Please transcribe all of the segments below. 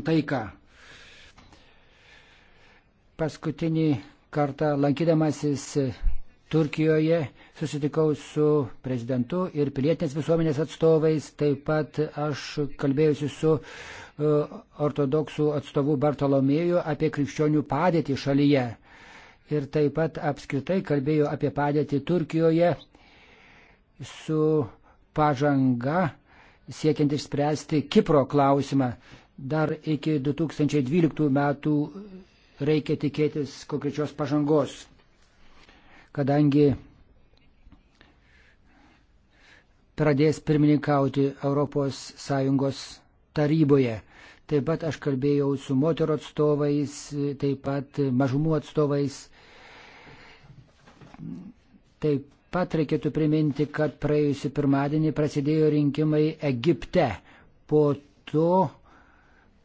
taiką. Paskutinį kartą lankydamasis Turkijoje susitikau su prezidentu ir pilietinės visuomenės atstovais, taip pat aš kalbėjusi su e, ortodoksų atstovu Bartolomėju apie krikščionių padėtį šalyje. Ir taip pat apskritai kalbėjo apie padėtį Turkijoje su pažanga siekiant išspręsti Kipro klausimą dar iki 2012 metų reikia tikėtis konkrečios pažangos, kadangi pradės pirmininkauti ES taryboje. Taip pat aš kalbėjau su moterų atstovais, taip pat mažumų atstovais. Taip pat reikėtų priminti, kad praėjusi pirmadienį prasidėjo rinkimai Egipte. Po to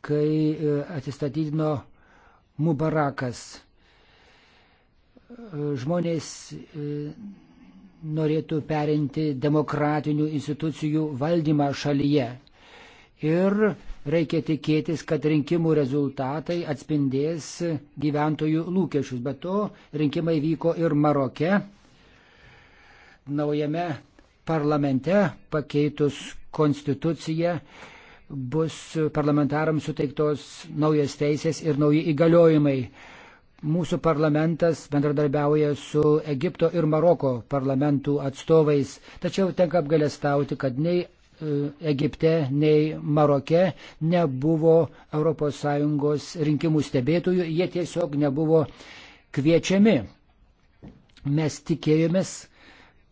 kai e, atsistatydino Mubarakas. E, žmonės e, norėtų perinti demokratinių institucijų valdymą šalyje. Ir reikia tikėtis, kad rinkimų rezultatai atspindės gyventojų lūkesčius. Be to, rinkimai vyko ir Maroke. Naujame parlamente pakeitus konstituciją bus parlamentarams suteiktos naujas teisės ir nauji įgaliojimai. Mūsų parlamentas bendradarbiauja su Egipto ir Maroko parlamentų atstovais, tačiau tenka apgalėstauti, kad nei e, Egipte, nei Maroke nebuvo ES rinkimų stebėtojų, jie tiesiog nebuvo kviečiami. Mes tikėjomės,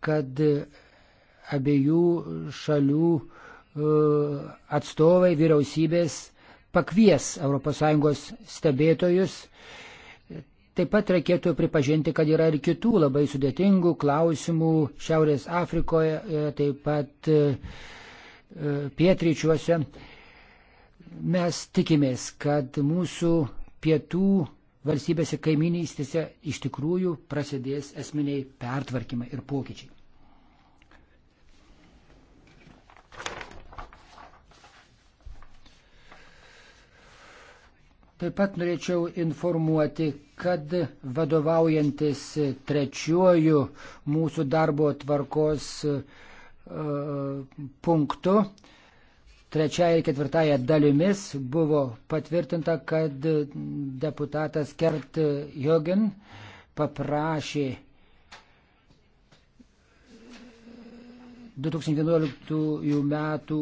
kad abiejų šalių uh, E, atstovai vyriausybės pakvies ES stebėtojus. Taip pat reikėtų pripažinti, kad yra ir kitų labai sudėtingų klausimų Šiaurės Afrikoje, e, taip pat e, pietryčiuose. Mes tikimės, kad mūsų pietų valstybėse kaiminystėse iš tikrųjų prasidės esminiai pertvarkymai ir pokyčiai. Taip pat norėčiau informuoti, kad vadovaujantis trečiuoju mūsų darbo tvarkos e, punktu, trečiaja ir ketvirtaja dalimis buvo patvirtinta, kad deputatas Kert Jogen paprašė 2011 metų